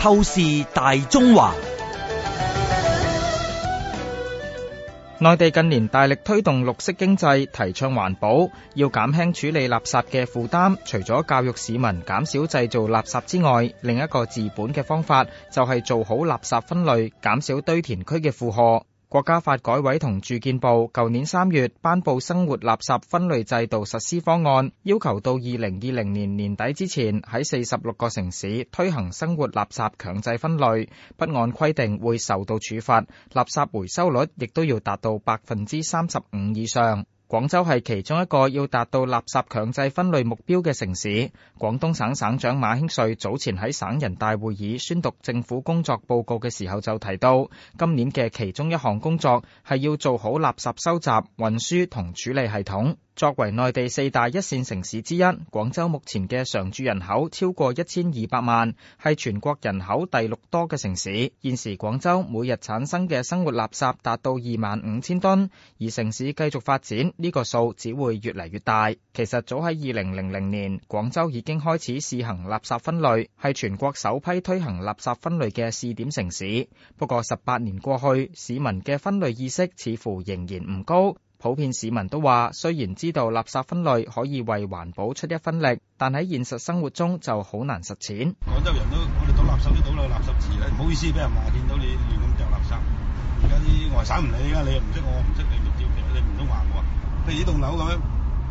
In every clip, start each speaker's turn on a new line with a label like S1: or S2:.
S1: 透視大中華，內地近年大力推動綠色經濟，提倡環保，要減輕處理垃圾嘅負擔。除咗教育市民減少製造垃圾之外，另一個治本嘅方法就係做好垃圾分類，減少堆填區嘅負荷。國家發改委同住建部舊年三月頒布生活垃圾分類制度實施方案，要求到二零二零年年底之前，喺四十六個城市推行生活垃圾強制分類，不按規定會受到處罰，垃圾回收率亦都要達到百分之三十五以上。廣州係其中一個要達到垃圾強制分類目標嘅城市。廣東省省長馬興瑞早前喺省人大會議宣讀政府工作報告嘅時候就提到，今年嘅其中一項工作係要做好垃圾收集、運輸同處理系統。作為內地四大一線城市之一，廣州目前嘅常住人口超過一千二百萬，係全國人口第六多嘅城市。現時廣州每日產生嘅生活垃圾達到二萬五千噸，而城市繼續發展，呢個數只會越嚟越大。其實早喺二零零零年，廣州已經開始試行垃圾分類，係全國首批推行垃圾分類嘅試點城市。不過十八年過去，市民嘅分類意識似乎仍然唔高。普遍市民都話，雖然知道垃圾分類可以為環保出一分力，但喺現實生活中就好難實踐。
S2: 廣州人都我哋倒垃圾都倒落垃圾池啦，唔好意思俾人話，見到你亂咁抌垃圾。而家啲外省唔理噶，你又唔識我，我唔識你，咪照抌，你唔通話我？譬如一棟樓咁，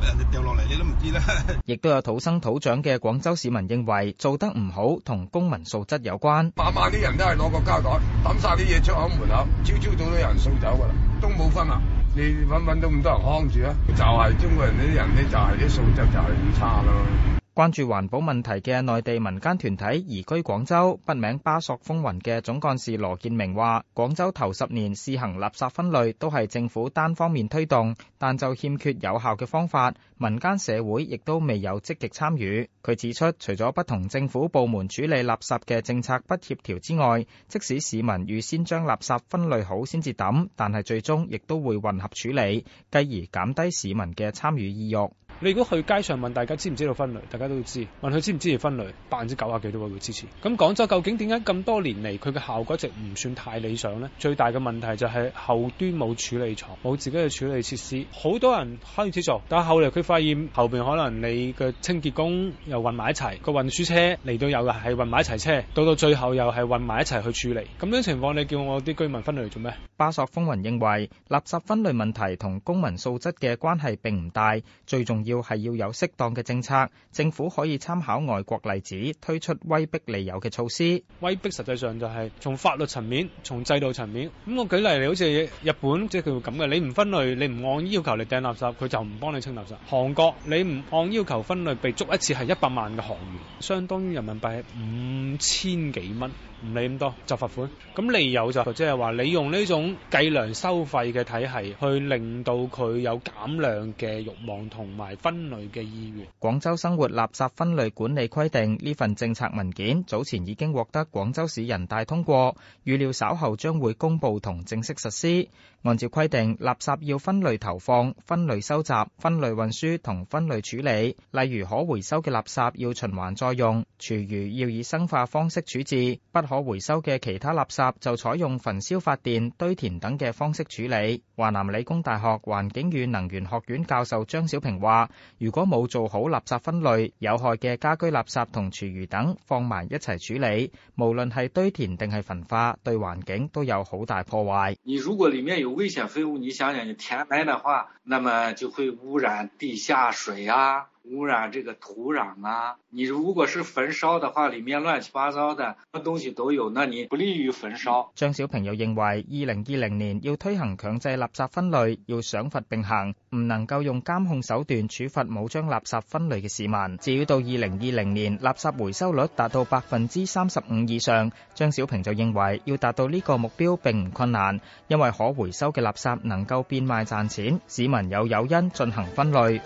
S2: 人哋抌落嚟，你都唔知啦。
S1: 亦都有土生土長嘅廣州市民認為做得唔好，同公民素質有關。
S2: 把把啲人都係攞個膠袋抌晒啲嘢出響門口，朝朝早都有人掃走噶啦，都冇分啦。
S1: 你揾揾到咁多人康住啊？就係中國人呢啲人咧，就係啲素質就係唔差咯。關注環保問題嘅內地民間團體移居廣州，筆名巴索風雲嘅總幹事羅建明話，廣州頭十年試行垃圾分類都係政府單方面推動，但就欠缺有效嘅方法，民間社會亦都未有積極參與。佢指出，除咗不同政府部門處理垃圾嘅政策不協調之外，即使市民預先將垃圾分類好先至抌，但係最終亦都會混合處理，繼而減低市民嘅參與意欲。你如果去街上問大家知唔知道
S2: 分類，大家都知。問佢支唔支持分類，百分之九啊幾都會支持。咁廣州究竟點解咁多年嚟佢嘅效果一直唔算太理想咧？最大嘅問題就係後端冇處理廠，冇自己嘅處理設施。好多人開始做，但係後嚟佢發現後邊可能你嘅清潔工又混埋一齊，個運輸車嚟到有嘅，係混埋一齊，車到到最後又係混埋
S1: 一齊去處理。咁樣情況，你叫我啲居民分類做咩？巴索風雲認為垃圾分類問題同公民素質嘅關係並唔大，最重。要係要有適當嘅政策，政府可以參考外國例子推出威逼利誘嘅措施。威逼實際上就係從法律層面、從制度層面。
S2: 咁我舉例，你好似日本即係佢會咁嘅，你唔分類，你唔按要求嚟掟垃圾，佢就唔幫你清垃圾。韓國你唔按要求分類，被捉一次係一百萬嘅韓元，相當於人民幣係五千幾蚊，唔理咁多就罰款。咁利誘就即係話，你用呢種計量收費嘅體系去令到佢有減量嘅欲望同埋。分類嘅意願。
S1: 廣州生活垃圾分類管理規定呢份政策文件早前已經獲得廣州市人大通過，預料稍後將會公布同正式實施。按照規定，垃圾要分類投放、分類收集、分類運輸同分類處理。例如，可回收嘅垃圾要循環再用，廚餘要以生化方式處置，不可回收嘅其他垃圾就採用焚燒發電、堆填等嘅方式處理。華南理工大學環境與能源學院教授張小平話。如果冇做好垃圾分類，有害嘅家居垃圾同廚餘等放埋一齊處理，無論係堆填定係焚化，對環境都有好大破壞。
S2: 你如果裏面有危險廢物，你想想你填埋的話，那麼就會污染地下水啊。污染、這個、土壤啊！你如果是焚燒的話，裡面亂七八糟的，乜東西都有，那你不利於焚燒。
S1: 張小平又認為，二零二零年要推行強制垃圾分類，要獎罰並行，唔能夠用監控手段處罰冇將垃圾分類嘅市民。至於到二零二零年，垃圾回收率達到百分之三十五以上，張小平就認為要達到呢個目標並唔困難，因為可回收嘅垃圾能夠變賣賺錢，市民有誘因進行分類。